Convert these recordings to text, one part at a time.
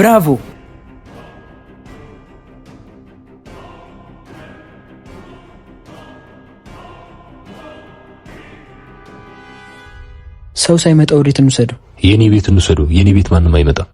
Bravo! ሰው ሳይመጣ ወዴት እንውሰደው? የኔ ቤት እንውሰደው። የኔ ቤት ማንም አይመጣም።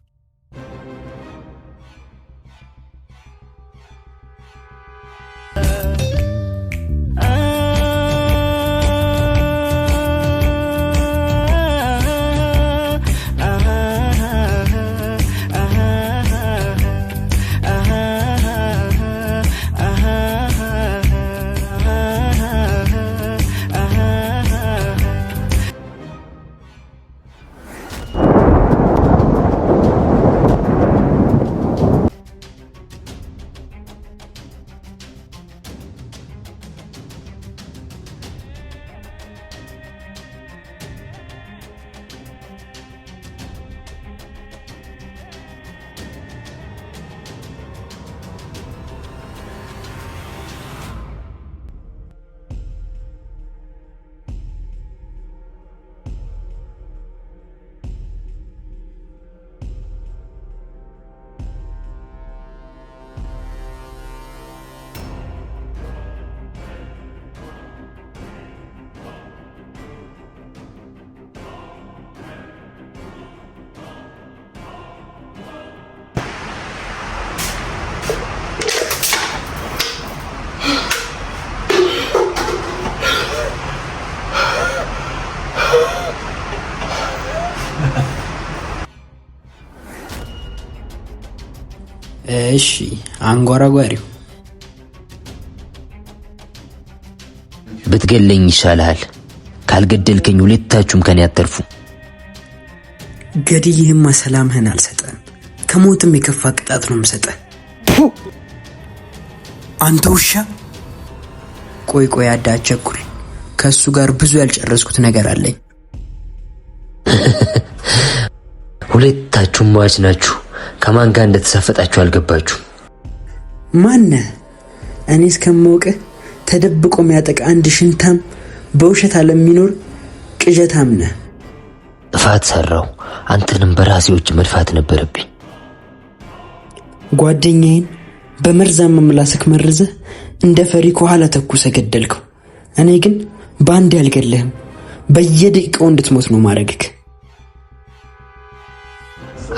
እሺ አንጎራጓሪው ብትገለኝ ይሻልሃል። ካልገደልከኝ ሁለታችሁም ከኔ አተርፉ። ገድዬህማ ሰላምህን አልሰጠህም። ከሞትም የከፋ ቅጣት ነው የምሰጠህ። አንተ ውሻ! ቆይ ቆይ፣ አዳ አቸኩል። ከእሱ ጋር ብዙ ያልጨረስኩት ነገር አለኝ። ሁለታችሁም ሟች ናችሁ። ከማን ጋር እንደተሳፈጣችሁ አልገባችሁ። ማነ እኔ እስከማውቅህ ተደብቆ የሚያጠቃ አንድ ሽንታም በውሸት አለሚኖር የሚኖር ቅዠታም ነህ። ጥፋት ሰራው። አንተንም በራሴዎች መድፋት ነበረብኝ። ጓደኛዬን በመርዛማ ምላስክ መርዘህ እንደ ፈሪ ከኋላ ተኩሰ ገደልከው። እኔ ግን በአንድ አልገለህም፣ በየደቂቃው እንድትሞት ነው ማድረግክ።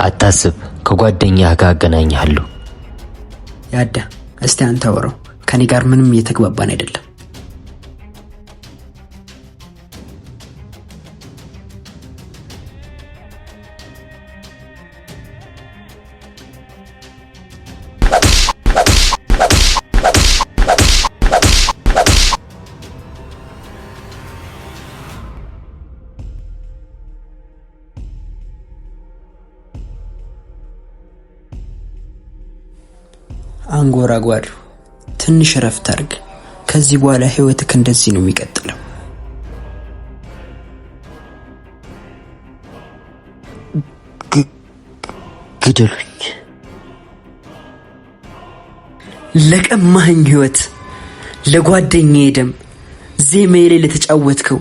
አታስብ ከጓደኛህ ጋር አገናኝሃለሁ። ያዳ እስቲ አንተ ወረው ከኔ ጋር ምንም እየተግባባን አይደለም። አንጎራጓሪው ትንሽ ረፍት አርግ። ከዚህ በኋላ ህይወትክ እንደዚህ ነው የሚቀጥለው። ግደሉኝ። ለቀማኸኝ ህይወት፣ ለጓደኛዬ ደም፣ ዜማዬ ላይ ለተጫወትከው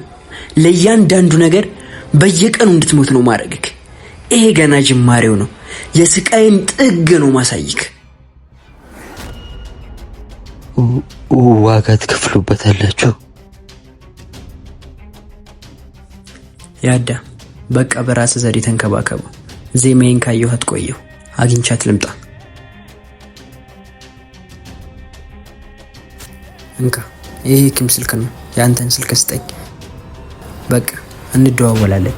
ለእያንዳንዱ ነገር በየቀኑ እንድትሞት ነው ማድረግክ። ይሄ ገና ጅማሬው ነው። የስቃይን ጥግ ነው ማሳይክ። ዋጋ ትከፍሉበታላችሁ። ያዳ በቃ በራስ ዘዴ ተንከባከቡ። ዜማዬን ካየኋት ቆየሁ። አግኝቻት ልምጣ። እንካ ይሄ ኪም ስልክ ነው። የአንተን ስልክ ስጠኝ። በቃ እንደዋወላለን።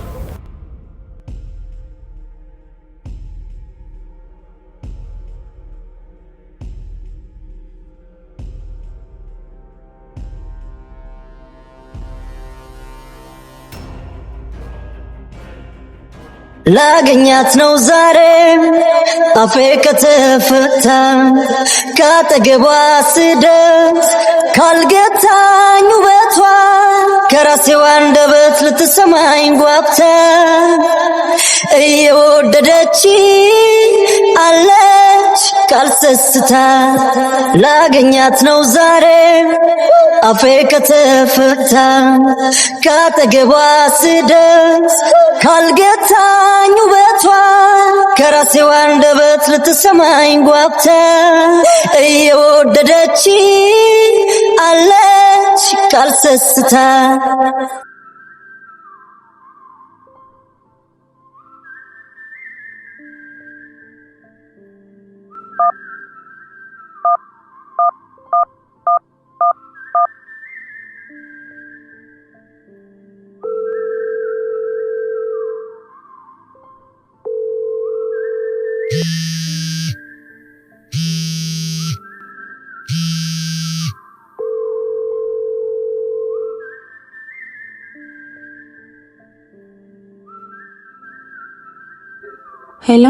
ላገኛት ነው ዛሬ አፌ ከተፈታ ካጠገቧ ስደት ካልገታኝ ውበቷ ከራሴዋ አንደበት ልትሰማኝ ጓብታ እየወደደች አለች ቃል ሰስታ ላገኛት ነው ዛሬ አፌ ከተፈታ ካጠገቧ ስደስ ካልገታኝ ውበቷ ከራሴዋ አንደበት ልትሰማኝ ጓብታ እየወደደች አለች ቃል ሰስታ ሄሎ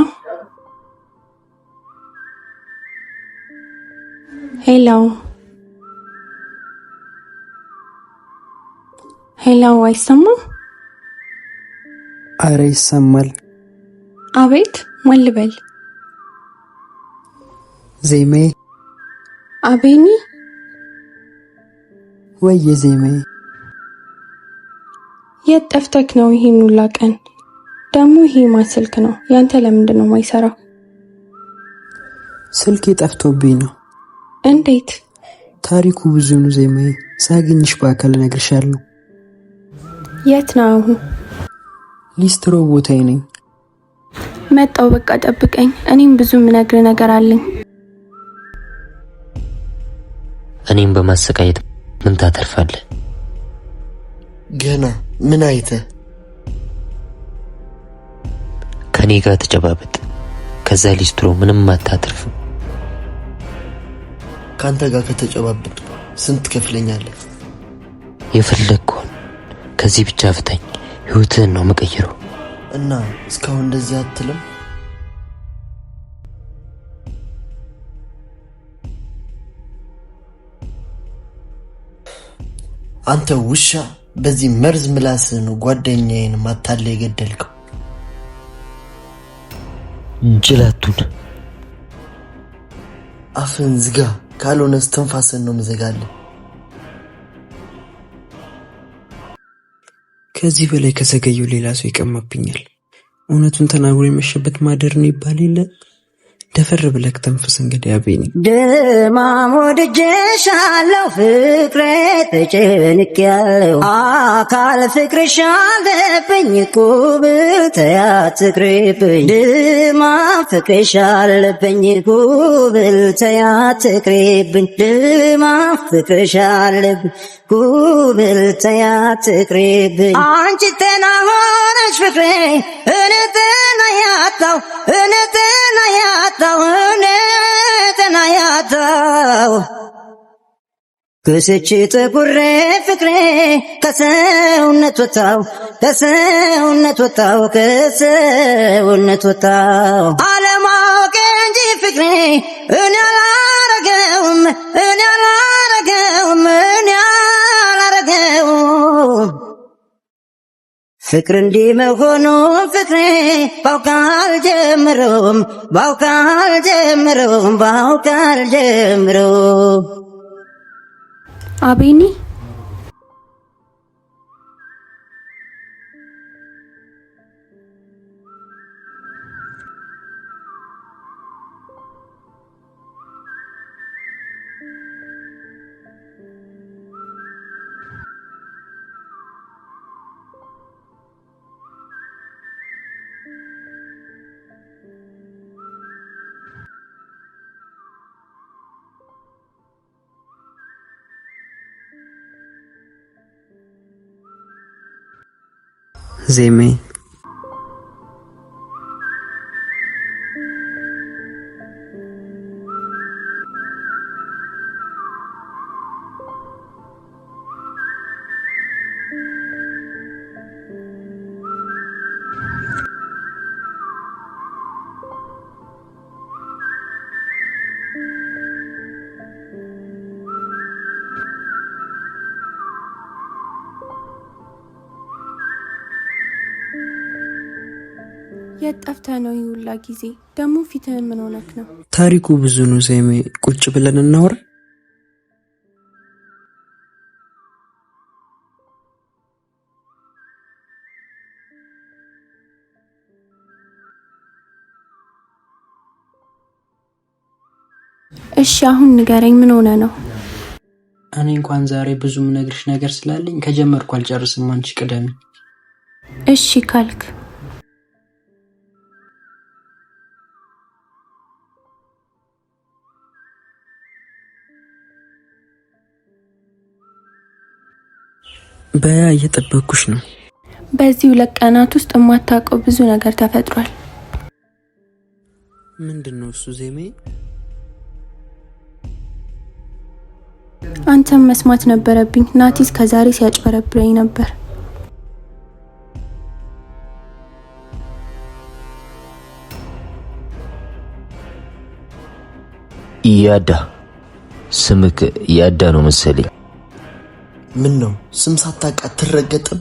ሄሎ ሄሎ፣ አይሰማም? አረ ይሰማል። አቤት፣ ማን ልበል? ዜሜ። አቤኒ። ወየ ዜሜ፣ የት ጠፍተክ ነው ይሄን ሁላ ቀን? ደግሞ ይሄ ማ ስልክ ነው? ያንተ ለምንድን ነው የማይሰራው? ስልክ ጠፍቶብኝ ነው። እንዴት? ታሪኩ ብዙ ነው። ዜማዬ ሳገኝሽ በአካል እነግርሻለሁ። የት ነው አሁን? ሊስትሮ ቦታዬ ነኝ። መጣው። በቃ ጠብቀኝ፣ እኔም ብዙ ምነግር ነገር አለኝ። እኔም በማሰቃየት ምን ታተርፋለህ? ገና ምን አይተህ ከኔ ጋር ተጨባበጥ። ከዛ ሊስትሮ ምንም አታትርፍም። ካንተ ጋር ከተጨባበጥ ስንት ትከፍለኛለህ? የፈለግከውን ከዚህ ብቻ ፍታኝ። ህይወትህን ነው መቀየረው። እና እስካሁን እንደዚህ አትልም? አንተ ውሻ፣ በዚህ መርዝ ምላስህን ጓደኛዬን ማታለ የገደልከው ጅላቱን አፍን ዝጋ፣ ካልሆነ እስትንፋስን ነው ምዘጋለን። ከዚህ በላይ ከዘገየው ሌላ ሰው ይቀማብኛል። እውነቱን ተናግሮ የመሸበት ማደር ነው ይባል የለ ደፈር ብለህ ተንፍስ። እንግዲህ አቤኔ ድማም ወድጄሻለሁ ፍቅሬ ተጨንቄያለሁ አካል ፍቅርሽ አለብኝ ቁብር ተያት ቅሬብኝ ድማም ፍቅርሽ አለብኝ ቁብር ተያት ቅሬብኝ ድማም ፍቅርሽ አለብኝ ቁብር ተያት ቅሬብኝ አንቺ ጤና ሆነሽ ፍቅሬ እንትን ያጣው እንትን ያጣ አጣሁን ተናያጣው ክስች ጥቁሬ ፍቅሬ ከሰውነት ወጣው ከሰውነት ወጣው ከሰውነት ወጣው አለማወቅ እንጂ ፍቅሬ እኔ አላረገውም እኔ ፍቅር እንዲህ መሆኑ ፍቅሬ ባውቃል ጀምሮም ባውቃል ጀምሮም ባውቃል ጀምሮ አቤኒ Zeman በተጣላ ጊዜ ደግሞ ፊትህን ምን ሆነክ ነው? ታሪኩ ብዙ ነው። ዜሜ ቁጭ ብለን እናወራ። እሺ አሁን ንገረኝ፣ ምን ሆነ ነው? እኔ እንኳን ዛሬ ብዙ ነግርሽ ነገር ስላለኝ ከጀመርኩ አልጨርስም። አንቺ ቅደሚ። እሺ ካልክ በያ እየጠበኩሽ ነው። በዚህ ሁለት ቀናት ውስጥ የማታውቀው ብዙ ነገር ተፈጥሯል። ምንድን ነው እሱ? ዜሜ አንተም መስማት ነበረብኝ። ናቲ ከዛሬ ሲያጭበረብረኝ ነበር። ያዳ ስምክ ያዳ ነው መሰለኝ። ምን ነው ስም ሳታውቅ ትረገጥም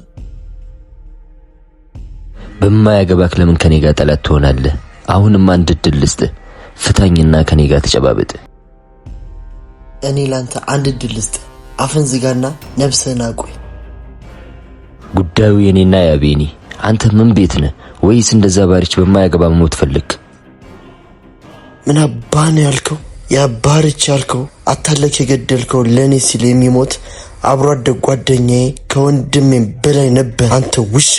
በማያገባክ ለምን ከኔ ጋር ጠላት ትሆናለህ? አሁንም አንድ እድል ልስጥህ፣ ፍታኝና ከኔ ጋር ተጨባበጥ። እኔ ላንተ አንድ እድል ልስጥህ፣ አፍን ዝጋና ነፍስህን አቁይ። ጉዳዩ የኔና ያቤኒ። አንተ ምን ቤት ነህ? ወይስ እንደዛ ባሪች በማያገባ መሞት ፈልግ? ምን አባህ ያልከው? ያባሪች ያልከው አታለክ የገደልከው ለእኔ ሲል የሚሞት አብሮ አደግ ጓደኛዬ ከወንድሜ በላይ ነበር። አንተ ውሻ!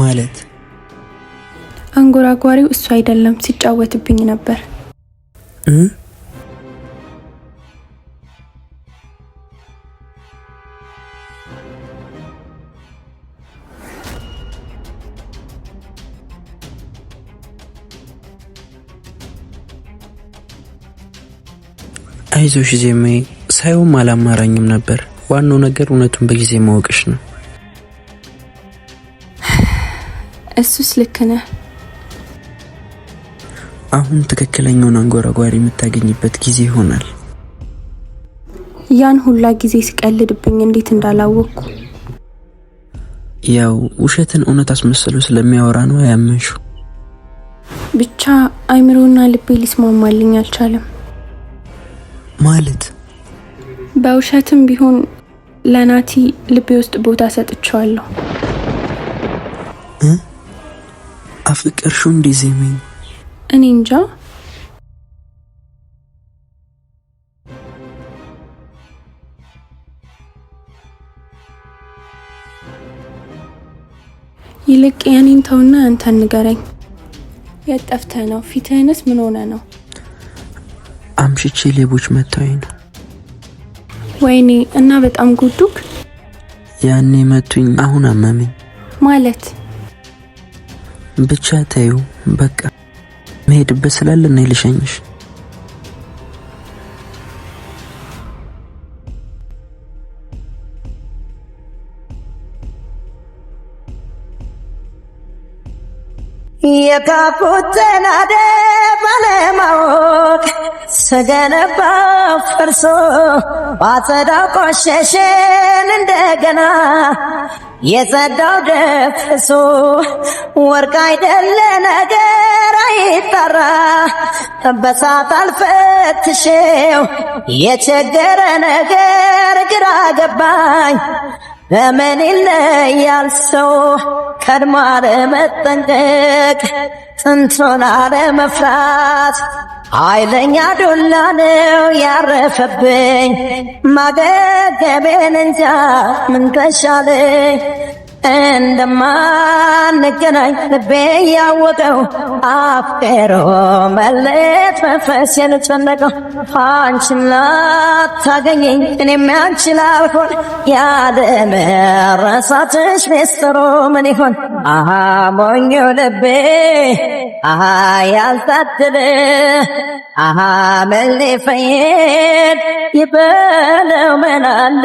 ማለት አንጎራጓሪው እሱ አይደለም፣ ሲጫወትብኝ ነበር። አይዞሽ ዜማዬ፣ ሳይውም አላማራኝም ነበር። ዋናው ነገር እውነቱን በጊዜ ማወቅሽ ነው። እሱስ ልክ ነህ። አሁን ትክክለኛውን አንጎራጓሪ የምታገኝበት ጊዜ ይሆናል። ያን ሁላ ጊዜ ሲቀልድብኝ እንዴት እንዳላወቅኩ። ያው ውሸትን እውነት አስመስሎ ስለሚያወራ ነው ያመንሹ። ብቻ አይምሮና ልቤ ሊስማማልኝ አልቻለም። ማለት በውሸትም ቢሆን ለናቲ ልቤ ውስጥ ቦታ ሰጥቼዋለሁ። አፍቅርሹ እንዴ ዜሜኝ? እኔ እንጃ። ይልቅ የኔን ተውና አንተን ንገረኝ። የት ጠፍተህ ነው? ፊትህንስ ምን ሆነ ነው? አምሽቼ ሌቦች መታኝ ነው። ወይኔ! እና በጣም ጉዱክ። ያኔ መቱኝ፣ አሁን አመመኝ ማለት ብቻ። ተዩ በቃ መሄድበት ስላለ ነው ልሸኝሽ። የካፖተናደ ባለማወቅ ስገነባ ፈርሶ ባጸዳው ቆሸሸን እንደገና የጸዳው ደፍሶ ወርቅ አይደለ ነገር አይጠራ በሳት አልፈትሼው የቸገረ ነገር ግራ ገባኝ በምን ይለያል ሰው ቀድሞ አለመጠንቀቅ ጥንቱን አለመፍራት ኃይለኛ ዱላ ነው ያረፈብኝ ማገገቤን እንጃ ምን ተሻለኝ እንደማንገናኝ ልቤ ያወቀው አፍቀሮ መለየት መንፈስ የንጨነቀው አንቺን ላታገኘኝ እኔም ያንቺን ላልሆን ያለመረሳትሽ ሚስጥሩ ምን ይሆን? አሃ ሞኙ ልቤ አሃ ያልታደለ አሃ ምን ሊፈየድ ይበለው ምን አለ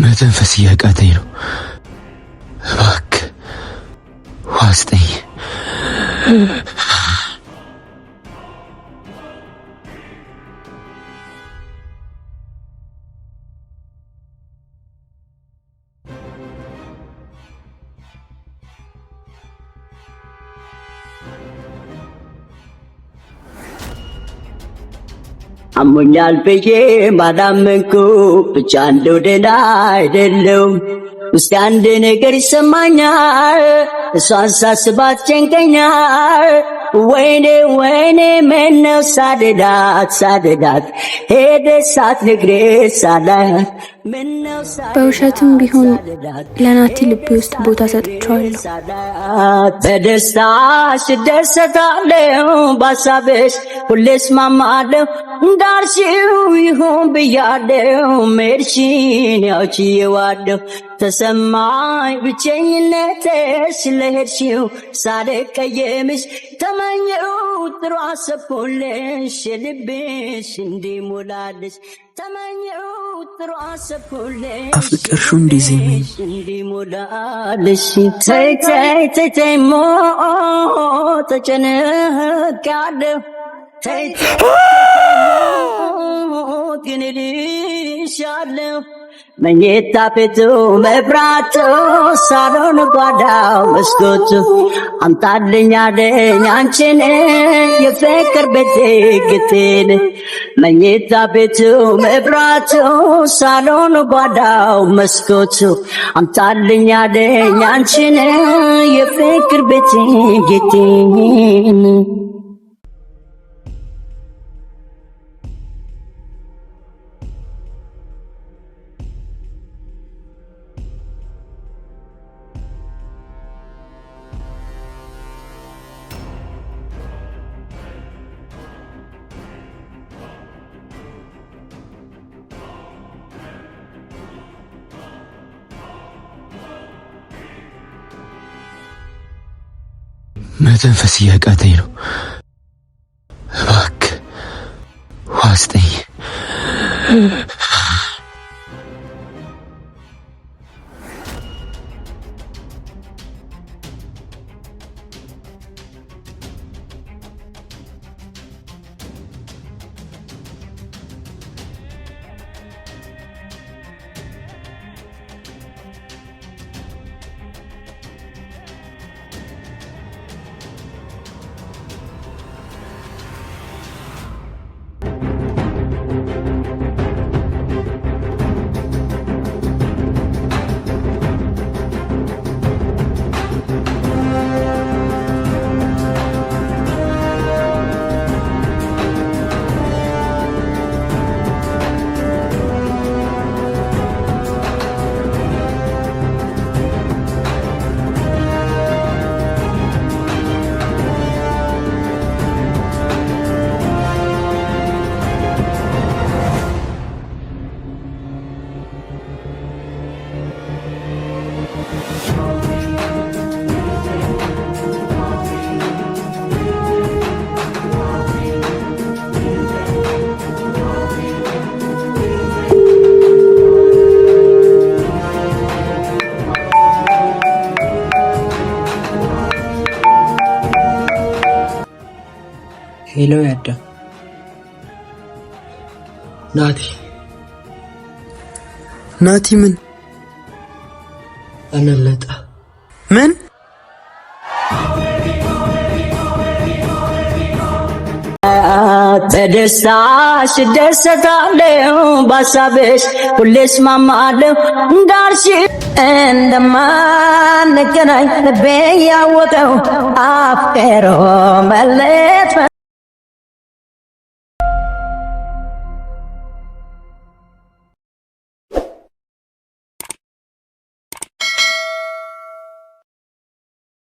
መተንፈስ እያቃተኝ ነው። እባክህ ዋስጠኝ። አሞኛል ብዬ ማላመንኩ ብቻ እንደው ደህና አይደለሁም። ውስጥ አንድ ነገር ይሰማኛል እሷን ሳስባት ጨንቀኛል ወይኔ ወይኔ ምነው ሳደዳት ሳደዳት ሳት ንግሬ ሳላት በውሸትም ቢሆን ለናቲ ልቤ ውስጥ ቦታ ሰጥቼዋለሁ። በደስታሽ ደሰታለሁ፣ ባሳብሽ ሁሌ እስማማለሁ። እንዳልሽው ይሁን ብያለሁ፣ ያውቺ የዋለሁ ተሰማኝ ብቸኝነትሽ ለሄድሽው ሳልቀየምሽ ተመኘው ጥሩ አሰብኩልሽ ልብሽ እንዲሞላልሽ ተመኘው ጥሩ አሰብኩልሽ አፍቅርሹ እንዲዜመኝ እንዲሞላልሽ ተይ ተይተይ ተይ ሞ ተጨነቃለሁ ተይተይ ተይ ግን ልሻለሁ መኝታ ቤቱ መብራቱ ሳሎን ጓዳው መስኮቱ አምጣልኝ አለኝ አንቺን የፍቅር ቤት ግቴን መኝታ ቤቱ መብራቱ ሳሎን ጓዳው መስኮቱ አምጣልኝ አለኝ አንቺን የፍቅር ግቴን መተንፈስ እያቃተኝ ነው። እባክህ ዋስጠኝ። ሄሎ ያዳ ናቲ ናቲ ምን አመለጠ? ምን በደስታሽ ደሰታለሁ፣ ባሳብሽ ሁሌ እስማማለሁ። እንዳልሽ እንደማንገናኝ ልቤ ያወቀው አፍቀሮ